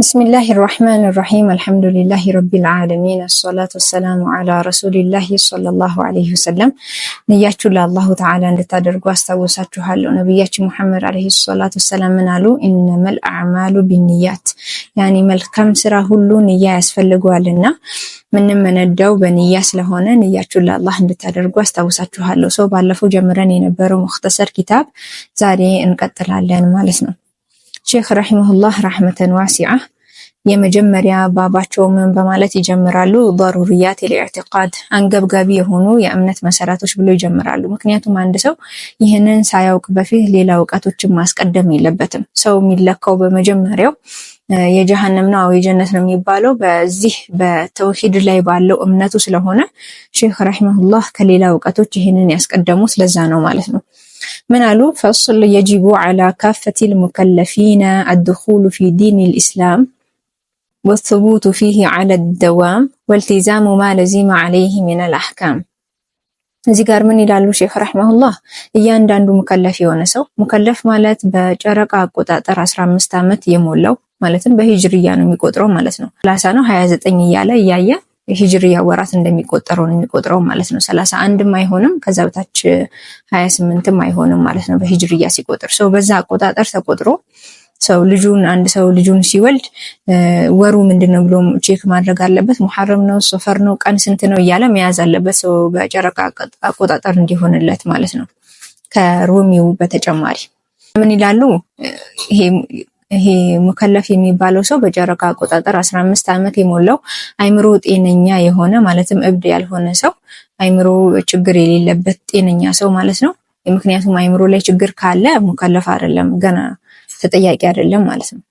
ብስሚላህ ራሕማን ራሒም አልሐምዱሊላህ ረቢል ዓለሚን አሶላት ወሰላሙ ዓላ ረሱሊላህ ሰለላሁ ዓለይሂ ወሰለም። ንያችሁ ለአላሁ ተዓላ እንድታደርጉ አስታውሳችኋለሁ። ነቢያችን ሙሐመድ ዓለይሂ ሰላት ወሰላም ምን አሉ? ኢነመል አዕማሉ ቢንያት ያኒ መልካም ስራ ሁሉ ንያ ያስፈልገዋልና ምንመነዳው በንያ ስለሆነ ንያችሁን ለአላህ እንድታደርጉ አስታውሳችኋለሁ። ሰው ባለፈው ጀምረን የነበረው ሙክተሰር ኪታብ ዛሬ እንቀጥላለን ማለት ነው። ሼክ ረሂመሁላህ ረህመተን ዋሲዓ የመጀመሪያ ባባቸው ምን በማለት ይጀምራሉ? ضروريات الاعتقاد አንገብጋቢ የሆኑ የእምነት መሰረቶች ብሎ ይጀምራሉ። ምክንያቱም አንድ ሰው ይህንን ሳያውቅ በፊት ሌላ እውቀቶችን ማስቀደም የለበትም። ሰው የሚለካው በመጀመሪያው የጀሃነም ነው የጀነት ነው የሚባለው በዚህ በተውሂድ ላይ ባለው እምነቱ ስለሆነ ሼክ ረሂመሁላህ ከሌላ እውቀቶች ይህንን ያስቀደሙት ለዛ ነው ማለት ነው። ምን አሉ? ፈስል የጅቡ አላ ካፈቲል ሙከለፊነ አድኹሉ ፊ ዲኒል ኢስላም ወሱቡቱ ፊህ ዐለ ደዋም ወልቲዛሙ ማ ለዚመ ዐለይህ ሚነል አሕካም። እዚህ ጋር ምን ይላሉ ሼክ ረሕመሁላህ? እያንዳንዱ ሙከለፍ የሆነ ሰው ሙከለፍ ማለት በጨረቃ አቆጣጠር 15 ዓመት የሞላው ማለትም በሂጅርያ ነው የሚቆጥረው ማለት ነው። 30 ነው 29 እያለ እያየ የሂጅርያ ወራት እንደሚቆጠረውን የሚቆጥረው ማለት ነው። ሰላሳ አንድም አይሆንም ከዛ በታች ሀያ ስምንትም አይሆንም ማለት ነው በሂጅሪያ ሲቆጥር ሰው በዛ አቆጣጠር ተቆጥሮ ሰው ልጁን አንድ ሰው ልጁን ሲወልድ ወሩ ምንድን ነው ብሎ ቼክ ማድረግ አለበት። ሙሐረም ነው፣ ሶፈር ነው፣ ቀን ስንት ነው እያለ መያዝ አለበት። ሰው በጨረቃ አቆጣጠር እንዲሆንለት ማለት ነው። ከሮሚው በተጨማሪ ምን ይላሉ ይሄ ይሄ ሙከለፍ የሚባለው ሰው በጨረቃ አቆጣጠር አስራ አምስት ዓመት የሞላው አይምሮ ጤነኛ የሆነ ማለትም እብድ ያልሆነ ሰው አይምሮ ችግር የሌለበት ጤነኛ ሰው ማለት ነው። ምክንያቱም አይምሮ ላይ ችግር ካለ ሙከለፍ አይደለም፣ ገና ተጠያቂ አይደለም ማለት ነው።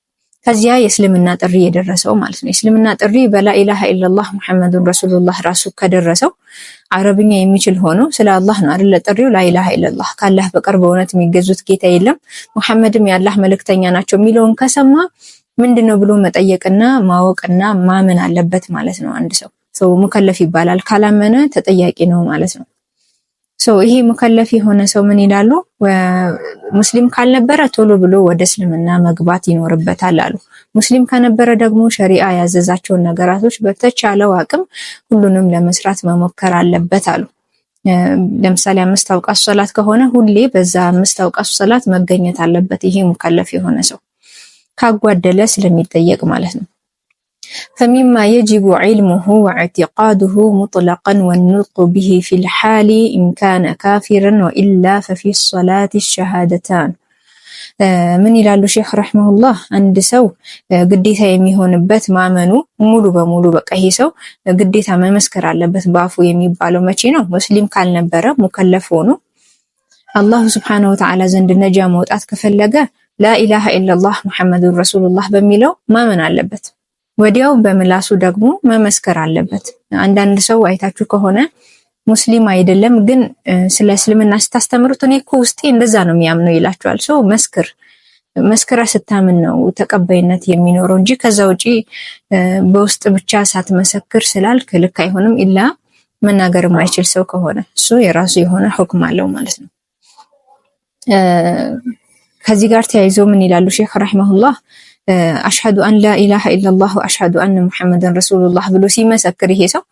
ከዚያ የእስልምና ጥሪ የደረሰው ማለት ነው። የእስልምና ጥሪ በላኢላሃ ኢላላህ ሙሐመዱን ረሱሉላህ ራሱ ከደረሰው አረብኛ የሚችል ሆኖ ስለ አላህ ነው አይደለ? ጥሪው ላኢላሃ ኢላላህ ካላህ በቀር በእውነት የሚገዙት ጌታ የለም፣ ሙሐመድም የአላህ መልእክተኛ ናቸው የሚለውን ከሰማ ምንድነው ብሎ መጠየቅና ማወቅና ማመን አለበት ማለት ነው። አንድ ሰው ሰው ሙከለፍ ይባላል። ካላመነ ተጠያቂ ነው ማለት ነው። ይሄ ሙከለፍ የሆነ ሰው ምን ይላሉ? ሙስሊም ካልነበረ ቶሎ ብሎ ወደ እስልምና መግባት ይኖርበታል አሉ። ሙስሊም ከነበረ ደግሞ ሸሪዓ ያዘዛቸውን ነገራቶች በተቻለው አቅም ሁሉንም ለመስራት መሞከር አለበት አሉ። ለምሳሌ አምስት አውቃት ሶላት ከሆነ ሁሌ በዛ አምስት አውቃት ሶላት መገኘት አለበት ይሄ ሙከለፍ የሆነ ሰው ካጓደለ ስለሚጠየቅ ማለት ነው። فمما يجب علمه واعتقاده مطلقا والنطق به في الحال إن كان كافرا وإلا ففي الصلاة الشهادتان آه، من إلى الشيخ رحمه الله عند سو قديثة يميهون بات ما منو ملو بملو بك أهي سو قديثة ما مسكر على بات بافو يمي بالو ما مسلم قال نبرة مكلفونو الله سبحانه وتعالى زند النجا موت أتكفل لا إله إلا الله محمد رسول الله بميلو ما من على بات ወዲያው በምላሱ ደግሞ መመስከር አለበት። አንዳንድ ሰው አይታችሁ ከሆነ ሙስሊም አይደለም ግን ስለ እስልምና ስታስተምሩት እኔ እኮ ውስጤ እንደዛ ነው የሚያምነው ይላችኋል። ሰው መስክር መስክረ ስታምን ነው ተቀባይነት የሚኖረው እንጂ ከዛ ውጪ በውስጥ ብቻ ሳትመሰክር ስላልክ ልክ አይሆንም። ኢላ መናገር የማይችል ሰው ከሆነ እሱ የራሱ የሆነ ሁክም አለው ማለት ነው። ከዚህ ጋር ተያይዞ ምን ይላሉ ሼክ ረሂመሁላህ አሽሀዱ አን ላኢላሃ ኢለላህ አሽሀዱ አን ሙሐመድን ረሱሉላህ ብሎ ሲመሰክር ይሄ ሰው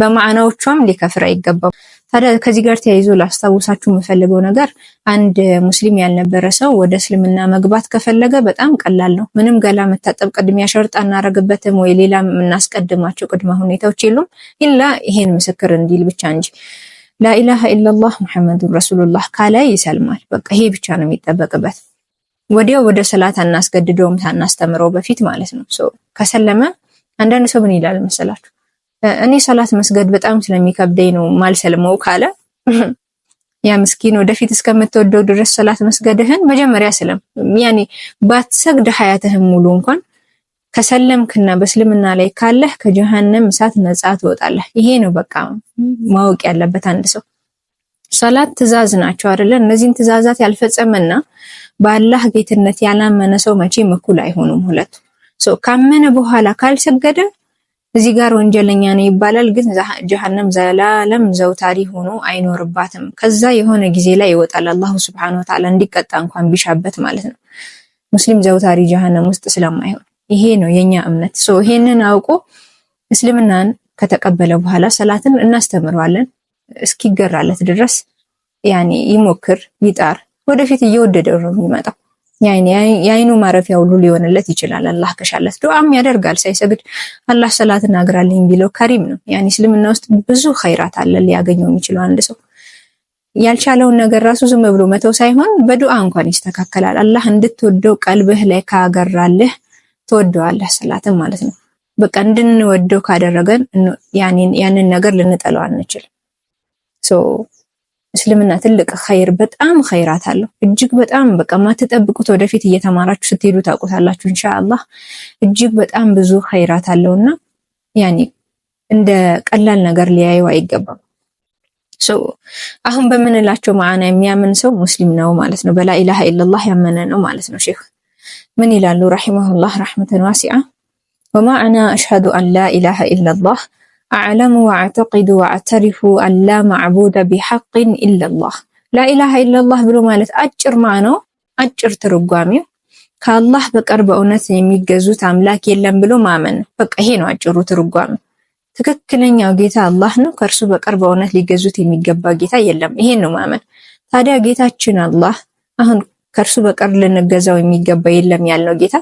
በማዕናዎቿም ሊከፍር አይገባም። ታዲያ ከዚህ ጋር ተያይዞ ላስታውሳችሁ የምፈልገው ነገር አንድ ሙስሊም ያልነበረ ሰው ወደ እስልምና መግባት ከፈለገ በጣም ቀላል ነው። ምንም ገላ መታጠብ ቅድሚያ ሸርጥ አናረግበትም ወይ ሌላ የምናስቀድማቸው ቅድመ ሁኔታዎች የሉም፣ ኢላ ይሄን ምስክር እንዲል ብቻ እንጂ ላኢላሃ ኢለላህ ሙሐመዱን ረሱሉላህ ካላይ ይሰልማል። በቃ ይሄ ብቻ ነው የሚጠበቅበት። ወዲያው ወደ ሰላት አናስገድደውም ሳናስተምረው በፊት ማለት ነው። ከሰለመ አንዳንድ ሰው ምን ይላል መሰላችሁ? እኔ ሰላት መስገድ በጣም ስለሚከብደኝ ነው ማልሰልመው ካለ ያ ምስኪን ወደፊት እስከምትወደው ድረስ ሰላት መስገድህን መጀመሪያ ስለም። ያኔ ባትሰግድ ሀያትህን ሙሉ እንኳን ከሰለምክና በእስልምና ላይ ካለህ ከጀሃነም እሳት ነጻ ትወጣለህ። ይሄ ነው በቃ ማወቅ ያለበት አንድ ሰው። ሰላት ትእዛዝ ናቸው አይደለ? እነዚህን ትእዛዛት ያልፈጸመና በአላህ ጌትነት ያላመነ ሰው መቼም እኩል አይሆኑም ሁለቱ። ካመነ በኋላ ካልሰገደ እዚህ ጋር ወንጀለኛ ነው ይባላል። ግን ጀሃነም ዘላለም ዘውታሪ ሆኖ አይኖርባትም። ከዛ የሆነ ጊዜ ላይ ይወጣል። አላሁ ስብሐነሁ ወተዓላ እንዲቀጣ እንኳን ቢሻበት ማለት ነው። ሙስሊም ዘውታሪ ጀሃነም ውስጥ ስለማይሆን ይሄ ነው የኛ እምነት። ሶ ይሄንን አውቆ እስልምናን ከተቀበለ በኋላ ሰላትን እናስተምረዋለን እስኪገራለት ድረስ ያኔ ይሞክር ይጣር። ወደፊት እየወደደው ነው የሚመጣው። የአይኑ ማረፊያ ሁሉ ሊሆንለት ይችላል። አላህ ከሻለት ዱዓም ያደርጋል ሳይሰግድ። አላህ ሰላትን አግራልኝ ቢለው ከሪም ነው። ያን እስልምና ውስጥ ብዙ ኸይራት አለ ሊያገኘው የሚችለው አንድ ሰው ያልቻለውን ነገር ራሱ ዝም ብሎ መተው ሳይሆን በዱዓ እንኳን ይስተካከላል። አላህ እንድትወደው ቀልብህ ላይ ካገራልህ ትወደዋለህ፣ ሰላትን ማለት ነው። በቃ እንድንወደው ካደረገን ያንን ነገር ልንጠለው አንችልም። እስልምና ትልቅ ኸይር በጣም ኸይራት አለው። እጅግ በጣም በቃ ማትጠብቁት ወደፊት እየተማራችሁ ስትሄዱ ታውቁታላችሁ ኢንሻአላህ። እጅግ በጣም ብዙ ኸይራት አለውና ያኔ እንደ ቀላል ነገር ሊያየው አይገባም። አሁን በምንላቸው ማዕና የሚያምን ሰው ሙስሊም ነው ማለት ነው። በላኢላሃ ኢለላህ ያመነ ነው ማለት ነው። ሼክ ምን ይላሉ? ረሂመሁላህ ረህመተን ዋሲዓ ወማዕና አሽሃዱ አን ላኢላሃ ኢለላህ أعلم وأعتقد وأعترف አላ ማዕቡደ معبود بحق ላኢላሃ ኢለላህ ብሎ ማለት አጭር ማነው አጭር ትርጓሜው ከአላህ በቀር በእውነት የሚገዙት አምላክ የለም ብሎ ማመን በቃ ይሄ ነው አጭሩ ትርጓሜ። ትክክለኛው ጌታ አላህ ነው። ከእርሱ በቀር በእውነት ሊገዙት የሚገባ ጌታ የለም። ይሄን ነው ማመን። ታዲያ ጌታችን አላህ አሁን ከእርሱ በቀር ልንገዛው የሚገባ የለም ያልነው ጌታ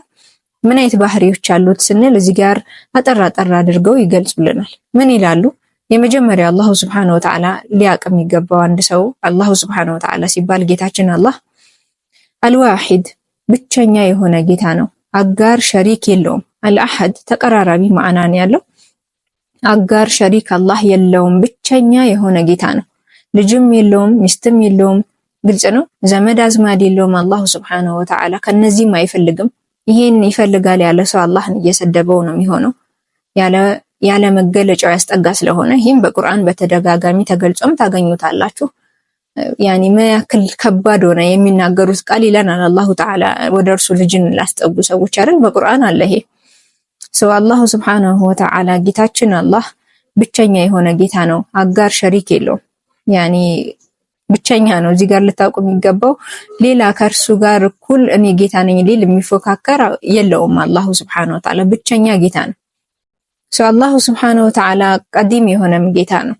ምን አይነት ባህሪዎች አሉት ስንል እዚህ ጋር አጠራ አጠር አድርገው ይገልጹልናል። ምን ይላሉ? የመጀመሪያ አላሁ ስብሐነሁ ወተዓላ ሊያቅ የሚገባው አንድ ሰው አላሁ ስብሐነሁ ወተዓላ ሲባል ጌታችን አላህ አልዋሂድ ብቸኛ የሆነ ጌታ ነው። አጋር ሸሪክ የለውም። አልአሐድ ተቀራራቢ ማዕናን ያለው አጋር ሸሪክ አላህ የለውም። ብቸኛ የሆነ ጌታ ነው። ልጅም የለውም፣ ሚስትም የለውም። ግልጽ ነው። ዘመድ አዝማድ የለውም። አላሁ ስብሐነሁ ወተዓላ ከነዚህም አይፈልግም። ይሄን ይፈልጋል ያለ ሰው አላህን እየሰደበው ነው የሚሆነው። ያለ መገለጫው ያስጠጋ ስለሆነ ይህም በቁርአን በተደጋጋሚ ተገልጾም ታገኙታላችሁ። ያኒ ምን ያክል ከባድ ሆነ የሚናገሩት ቃል ይለናል አላሁ ተዓላ። ወደ እርሱ ልጅን ላስጠጉ ሰዎች አይደል? በቁርአን አለ ይሄ ሰው። አላሁ ስብሓነሁ ወተዓላ ጌታችን አላህ ብቸኛ የሆነ ጌታ ነው፣ አጋር ሸሪክ የለውም። ያኒ ብቸኛ ነው። እዚህ ጋር ልታውቁ የሚገባው ሌላ ከእርሱ ጋር እኩል እኔ ጌታ ነኝ ሊል የሚፎካከር የለውም። አላሁ ስብሓነሁ ወተዓላ ብቸኛ ጌታ ነው። አላሁ ስብሓነሁ ወተዓላ ቀዲም የሆነም ጌታ ነው።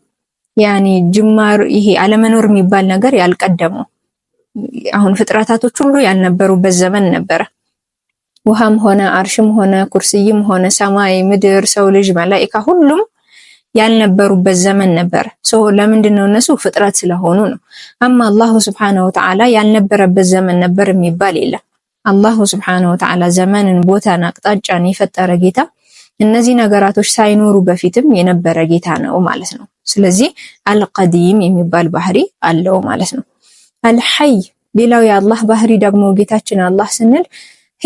ያኒ ጅማር ይሄ አለመኖር የሚባል ነገር ያልቀደመው አሁን ፍጥረታቶች ሁሉ ያልነበሩበት ዘመን ነበረ። ውሃም ሆነ አርሽም ሆነ ኩርስይም ሆነ ሰማይ፣ ምድር፣ ሰው ልጅ፣ መላኢካ ሁሉም ያልነበሩበት ዘመን ነበር። ሰው ለምንድን ነው? እነሱ ፍጥረት ስለሆኑ ነው። አማ አላሁ ስብሓነሁ ወተዓላ ያልነበረበት ዘመን ነበር የሚባል የለም። አላሁ ስብሓነሁ ወተዓላ ዘመንን፣ ቦታን፣ አቅጣጫን የፈጠረ ጌታ እነዚህ ነገራቶች ሳይኖሩ በፊትም የነበረ ጌታ ነው ማለት ነው። ስለዚህ አልቀዲም የሚባል ባህሪ አለው ማለት ነው። አልሐይ ሌላው የአላህ ባህሪ ደግሞ ጌታችን አላህ ስንል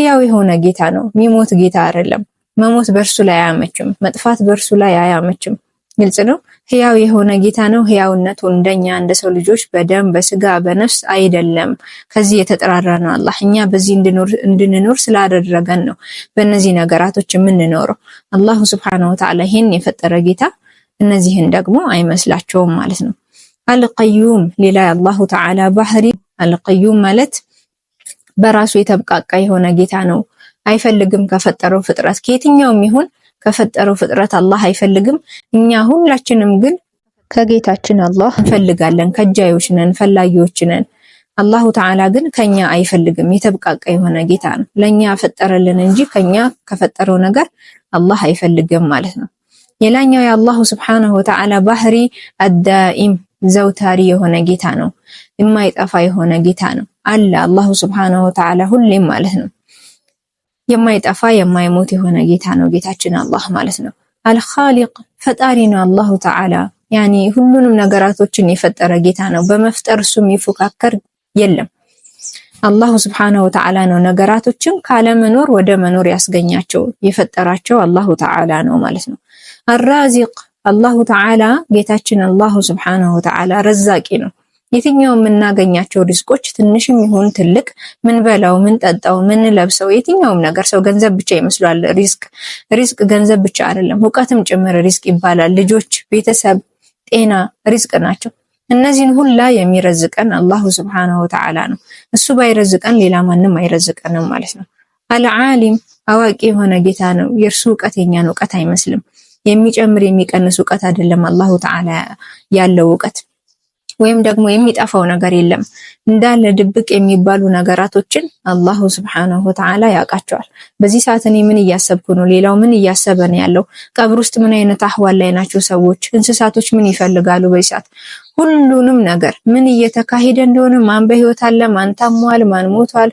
ህያው የሆነ ጌታ ነው። የሚሞት ጌታ አይደለም። መሞት በእርሱ ላይ አያመችም። መጥፋት በእርሱ ላይ አያመችም። ግልጽ ነው። ህያው የሆነ ጌታ ነው። ህያውነቱ እንደኛ እንደ ሰው ልጆች በደም በስጋ በነፍስ አይደለም። ከዚህ የተጠራራ ነው አላህ እኛ በዚህ እንድንኖር ስላደረገን ነው በእነዚህ ነገራቶች የምንኖረው። አላሁ ስብሓነሁ ወተዓላ ይህን የፈጠረ ጌታ እነዚህን ደግሞ አይመስላቸውም ማለት ነው። አልቀዩም ሌላ አላሁ ተዓላ ባህሪ አልቀዩም ማለት በራሱ የተብቃቃ የሆነ ጌታ ነው። አይፈልግም ከፈጠረው ፍጥረት ከየትኛውም ይሁን ከፈጠረው ፍጥረት አላህ አይፈልግም። እኛ ሁላችንም ግን ከጌታችን አላህ እንፈልጋለን። ከጃዮች ነን፣ ፈላጊዎች ነን። አላሁ ተዓላ ግን ከኛ አይፈልግም። የተብቃቃ የሆነ ጌታ ነው። ለኛ ፈጠረልን እንጂ ከኛ ከፈጠረው ነገር አላህ አይፈልግም ማለት ነው። ሌላኛው የአላሁ ስብሓነሁ ወተዓላ ባህሪ አዳኢም ዘውታሪ የሆነ ጌታ ነው። የማይጠፋ የሆነ ጌታ ነው አለ አላሁ ስብሓነሁ ወተዓላ ሁሌም ማለት ነው። የማይጠፋ የማይሞት የሆነ ጌታ ነው ጌታችን አላህ ማለት ነው። አልኻሊቅ ፈጣሪ ነው አላሁ ተዓላ ያኒ ሁሉንም ነገራቶችን የፈጠረ ጌታ ነው። በመፍጠር እሱ የሚፎካከር የለም። አላሁ ስብሓነሁ ተዓላ ነው ነገራቶችን ካለመኖር ወደ መኖር ያስገኛቸው የፈጠራቸው አላሁ ተዓላ ነው ማለት ነው። አራዚቅ አላሁ ተዓላ ጌታችን አላሁ ስብሓነሁ ተዓላ ረዛቂ ነው። የትኛው የምናገኛቸው ሪዝቆች ትንሽም ይሁን ትልቅ፣ ምን በላው፣ ምን ጠጣው፣ ምን ለብሰው፣ የትኛውም ነገር ሰው ገንዘብ ብቻ ይመስሏል። ሪዝቅ ሪዝቅ ገንዘብ ብቻ አይደለም፣ እውቀትም ጭምር ሪዝቅ ይባላል። ልጆች፣ ቤተሰብ፣ ጤና ሪዝቅ ናቸው። እነዚህን ሁላ የሚረዝቀን አላሁ ስብሐነሁ ወተዓላ ነው። እሱ ባይረዝቀን ሌላ ማንም አይረዝቀንም ማለት ነው። አልዓሊም አዋቂ የሆነ ጌታ ነው። የእርሱ እውቀት የኛን እውቀት አይመስልም። የሚጨምር የሚቀንስ እውቀት አይደለም አላሁ ተዓላ ያለው እውቀት ወይም ደግሞ የሚጠፋው ነገር የለም። እንዳለ ድብቅ የሚባሉ ነገራቶችን አላሁ ስብሐነሁ ወተዓላ ያውቃቸዋል። በዚህ ሰዓት እኔ ምን እያሰብኩ ነው? ሌላው ምን እያሰበ ነው ያለው? ቀብር ውስጥ ምን አይነት አህዋል ላይ ናቸው ሰዎች? እንስሳቶች ምን ይፈልጋሉ? በዚህ ሰዓት ሁሉንም ነገር ምን እየተካሄደ እንደሆነ ማን በህይወት አለ፣ ማን ታሟል፣ ማን ሞቷል፣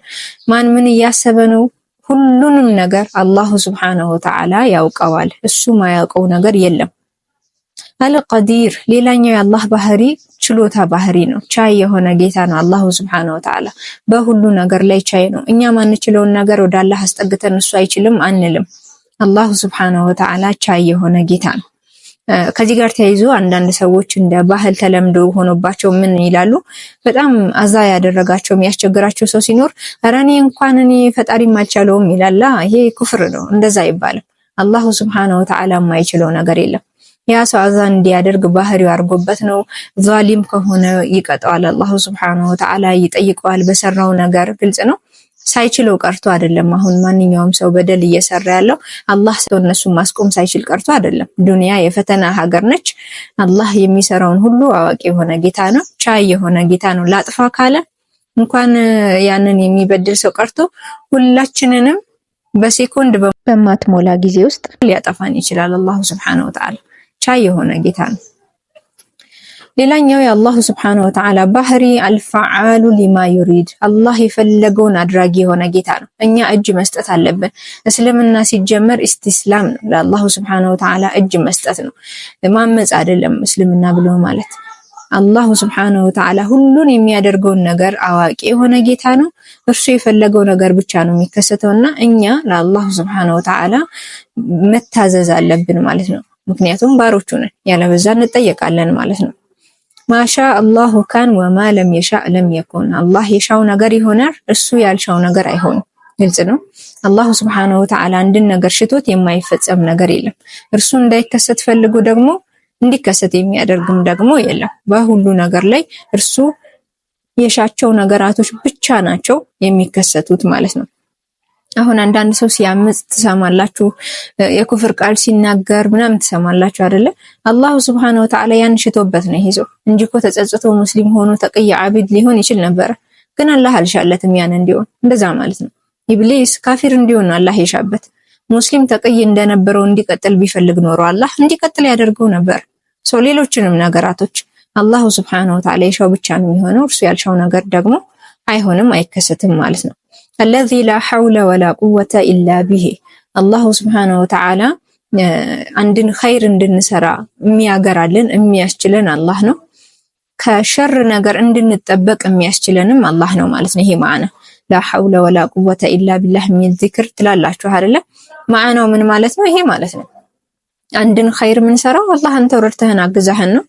ማን ምን እያሰበ ነው ሁሉንም ነገር አላሁ ስብሐነሁ ወተዓላ ያውቀዋል። እሱ ማያውቀው ነገር የለም። አልቀዲር ሌላኛው የአላህ ባህሪ ችሎታ ባህሪ ነው። ቻይ የሆነ ጌታ ነው አላሁ ስብሐነሁ ወተዓላ በሁሉ ነገር ላይ ቻይ ነው። እኛ ማንችለውን ነገር ወደ አላህ አስጠግተን እሱ አይችልም አንልም። አላሁ ስብሐነሁ ወተዓላ ቻይ የሆነ ጌታ ነው። ከዚህ ጋር ተያይዞ አንዳንድ ሰዎች እንደ ባህል ተለምዶ ሆኖባቸው ምን ይላሉ፣ በጣም አዛ ያደረጋቸው የሚያስቸግራቸው ሰው ሲኖር ኧረ እንኳን እኔ ፈጣሪም አልቻለውም ይላላ። ይሄ ኩፍር ነው። እንደዛ አይባልም። አላሁ ስብሐነሁ ወተዓላ የማይችለው ነገር የለም። ያ ሰው አዛን እንዲያደርግ ባህሪው አድርጎበት ነው። ዛሊም ከሆነ ይቀጠዋል፣ አላሁ ሱብሓነሁ ወተዓላ ይጠይቀዋል በሰራው ነገር። ግልጽ ነው። ሳይችለው ቀርቶ አይደለም። አሁን ማንኛውም ሰው በደል እየሰራ ያለው አላህ ሰው እነሱን ማስቆም ሳይችል ቀርቶ አይደለም። ዱንያ የፈተና ሀገር ነች። አላህ የሚሰራውን ሁሉ አዋቂ የሆነ ጌታ ነው፣ ቻይ የሆነ ጌታ ነው። ላጥፋ ካለ እንኳን ያንን የሚበድል ሰው ቀርቶ ሁላችንንም በሴኮንድ በማትሞላ ጊዜ ውስጥ ሊያጠፋን ይችላል አላሁ ስብሓነሁ ወተዓላ። የሆነ ጌታ ነው። ሌላኛው የአላሁ ስብሐነሁ ወተዓላ ባህሪ አልፈዓሉ ሊማ ዩሪድ፣ አላህ የፈለገውን አድራጊ የሆነ ጌታ ነው። እኛ እጅ መስጠት አለብን። እስልምና ሲጀመር ኢስቲስላም ነው፣ ለአላሁ ስብሐነሁ ወተዓላ እጅ መስጠት ነው። ማመፅ አይደለም እስልምና ብሎ ማለት አላሁ ስብሐነሁ ወተዓላ ሁሉን የሚያደርገውን ነገር አዋቂ የሆነ ጌታ ነው። እርሱ የፈለገው ነገር ብቻ ነው የሚከሰተው እና እኛ ለአላሁ ስብሐነሁ ወተዓላ መታዘዝ አለብን ማለት ነው። ምክንያቱም ባሮቹ ነን፣ ያለበዛ እንጠየቃለን ማለት ነው። ማሻ አላሁ ካን ወማ ለም የሻእ ለም የኩን። አላህ የሻው ነገር ይሆናል፣ እሱ ያልሻው ነገር አይሆንም። ግልጽ ነው። አላሁ ስብሐነሁ ወተዓላ አንድን ነገር ሽቶት የማይፈጸም ነገር የለም። እርሱ እንዳይከሰት ፈልጎ ደግሞ እንዲከሰት የሚያደርግም ደግሞ የለም። በሁሉ ነገር ላይ እርሱ የሻቸው ነገራቶች ብቻ ናቸው የሚከሰቱት ማለት ነው። አሁን አንዳንድ ሰው ሲያምጽ ትሰማላችሁ፣ የኩፍር ቃል ሲናገር ምናምን ትሰማላችሁ አይደለ? አላሁ ስብሐነሁ ወተዓላ ያን ሽቶበት ነው ይዞ ሰው እንጂ እኮ ተጸጽቶ ሙስሊም ሆኖ ተቅይ አቢድ ሊሆን ይችል ነበረ። ግን አላህ አልሻለትም ያን እንዲሆን። እንደዛ ማለት ነው ኢብሊስ ካፊር እንዲሆን አላህ የሻበት። ሙስሊም ተቅይ እንደነበረው እንዲቀጥል ቢፈልግ ኖሮ አላህ እንዲቀጥል ያደርገው ነበር። ሰው ሌሎችንም ነገራቶች አላሁ ስብሐነሁ ወተዓላ የሻው ብቻ ነው የሚሆነው። እርሱ ያልሻው ነገር ደግሞ አይሆንም አይከሰትም ማለት ነው። አለዚ ላ ሐውለ ወላ ቁወተ ኢላ ቢሂ አላሁ ስብሓነሁ ወተዓላ አንድን ኸይር እንድንሰራ የሚያገራልን የሚያስችለን አላህ ነው። ከሸር ነገር እንድንጠበቅ የሚያስችለንም አላህ ነው ማለት ነው። ይሄ ማዕና ላ ሐውለ ወላ ቁወተ ኢላ ቢላህ የሚል ዚክር ትላላችሁ አይደለ? ማዕናው ምን ማለት ነው? ይሄ ማለት ነው አንድን ኸይር የምንሰራው አላህን ተወረድተህን አግዛህን ነው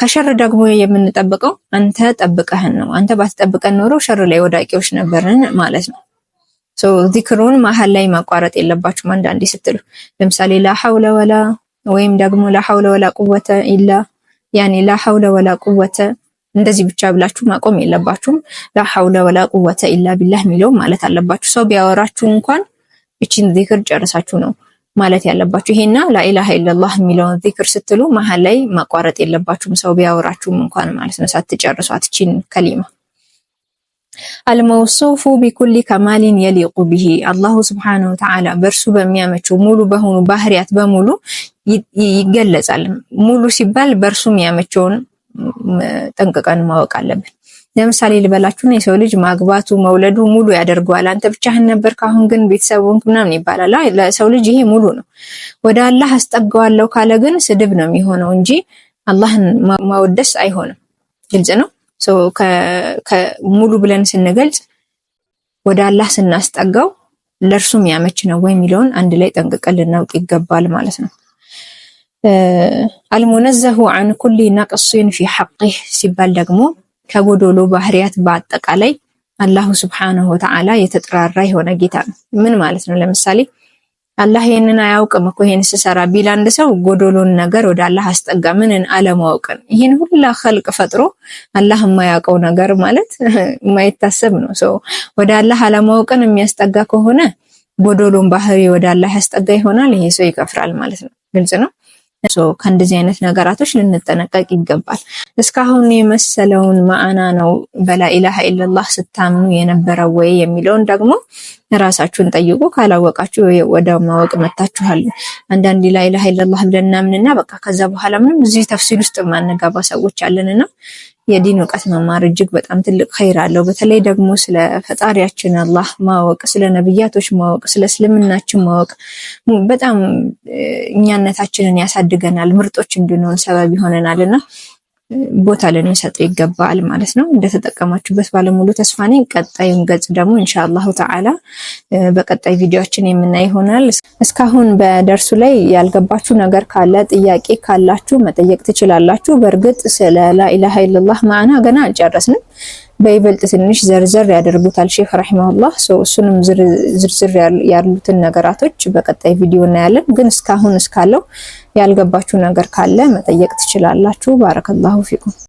ከሸር ደግሞ የምንጠብቀው አንተ ጠብቀህን ነው። አንተ ባትጠብቀን ኖሮ ሸር ላይ ወዳቂዎች ነበርን ማለት ነው። ዚክሩን መሀል ላይ ማቋረጥ የለባችሁም። አንዳንዴ ስትሉ ለምሳሌ ላሐውለ ወላ ወይም ደግሞ ላሐውለ ወላ ቁወተ ኢላ ያኔ ላሐውለ ወላ ቁወተ እንደዚህ ብቻ ብላችሁ ማቆም የለባችሁም። ላሐውለ ወላ ቁወተ ኢላ ቢላህ የሚለው ማለት አለባችሁ። ሰው ቢያወራችሁ እንኳን እቺን ዚክር ጨርሳችሁ ነው ማለት ያለባችሁ ይሄና ላኢላሃ ኢለላህ የሚለውን ዚክር ስትሉ መሀል ላይ ማቋረጥ የለባችሁም። ሰው ቢያወራችሁም እንኳን ማለት ነው ሳትጨርሷት ቺን ከሊማ አልመውሱፉ ቢኩሊ ከማሊን የሊቁ ቢሂ አላሁ ስብሓነሁ ወተዓላ በእርሱ በሚያመችው ሙሉ በሆኑ ባህሪያት በሙሉ ይገለጻል። ሙሉ ሲባል በእርሱ የሚያመቸውን ጠንቅቀን ማወቅ አለብን። ለምሳሌ ነው የሰው ልጅ ማግባቱ መውለዱ ሙሉ ያደርገዋል። አንተ ብቻህን ነበር፣ ካሁን ግን ቤተሰቡን ምናምን ይባላል። ለሰው ልጅ ይሄ ሙሉ ነው። ወደ አላህ አስጠገዋለሁ ካለ ግን ስድብ ነው የሚሆነው እንጂ አላህን ማወደስ አይሆንም። ግልጽ ነው። ሙሉ ብለን ስንገልጽ ወደ አላህ ስናስጠጋው ለእርሱም ያመች ነው ወይ የሚለውን አንድ ላይ ጠንቅቀን ልናውቅ ይገባል ማለት ነው። አልሙነዘሁ አን ኩሊ ነቅሲን ፊ ሐቅህ ሲባል ደግሞ ከጎዶሎ ባህሪያት በአጠቃላይ አላሁ ስብሓነሁ ወተዓላ የተጠራራ የሆነ ጌታ ነው። ምን ማለት ነው? ለምሳሌ አላህ ይህንን አያውቅም እኮ ይህን ስሰራ ቢል አንድ ሰው ጎዶሎን ነገር ወደ አላህ አስጠጋ። ምንን? አለማወቅን። ይህን ሁላ ኸልቅ ፈጥሮ አላህ የማያውቀው ነገር ማለት የማይታሰብ ነው። ሰው ወደ አላህ አለማወቅን የሚያስጠጋ ከሆነ ጎዶሎን ባህሪ ወደ አላህ ያስጠጋ ይሆናል። ይሄ ሰው ይከፍራል ማለት ነው። ግልጽ ነው። ከእንደዚህ አይነት ነገራቶች ልንጠነቀቅ ይገባል። እስካሁን የመሰለውን ማዕና ነው በላኢላሃ ኢለላህ ስታምኑ የነበረው ወይ የሚለውን ደግሞ ራሳችሁን ጠይቁ። ካላወቃችሁ ወደ ማወቅ መታችኋል። አንዳንድ ላኢላሃ ኢለላህ ብለን እናምንና በቃ ከዛ በኋላ ምንም እዚህ ተፍሲል ውስጥ ማንገባ ሰዎች አለንና የዲን እውቀት መማር እጅግ በጣም ትልቅ ኸይር አለው። በተለይ ደግሞ ስለ ፈጣሪያችን አላህ ማወቅ፣ ስለ ነብያቶች ማወቅ፣ ስለ እስልምናችን ማወቅ በጣም እኛነታችንን ያሳድገናል፣ ምርጦች እንድንሆን ሰበብ ይሆነናልና ቦታ ልንሰጠው ይገባል ማለት ነው። እንደተጠቀማችሁበት ባለሙሉ ተስፋ ነኝ። ቀጣዩን ገጽ ደግሞ ኢንሻአላሁ ተዓላ በቀጣይ ቪዲዮችን የምናይ ይሆናል። እስካሁን በደርሱ ላይ ያልገባችሁ ነገር ካለ ጥያቄ ካላችሁ መጠየቅ ትችላላችሁ። በእርግጥ ስለ ላኢላሃ ኢላላህ ማዕና ገና አልጨረስንም። በይበልጥ ትንሽ ዘርዘር ያደርጉታል ሼክ ረሂመሁላህ። እሱንም ዝርዝር ያሉትን ነገራቶች በቀጣይ ቪዲዮ እናያለን። ግን እስካሁን እስካለው ያልገባችሁ ነገር ካለ መጠየቅ ትችላላችሁ። ባረከላሁ ፊኩም።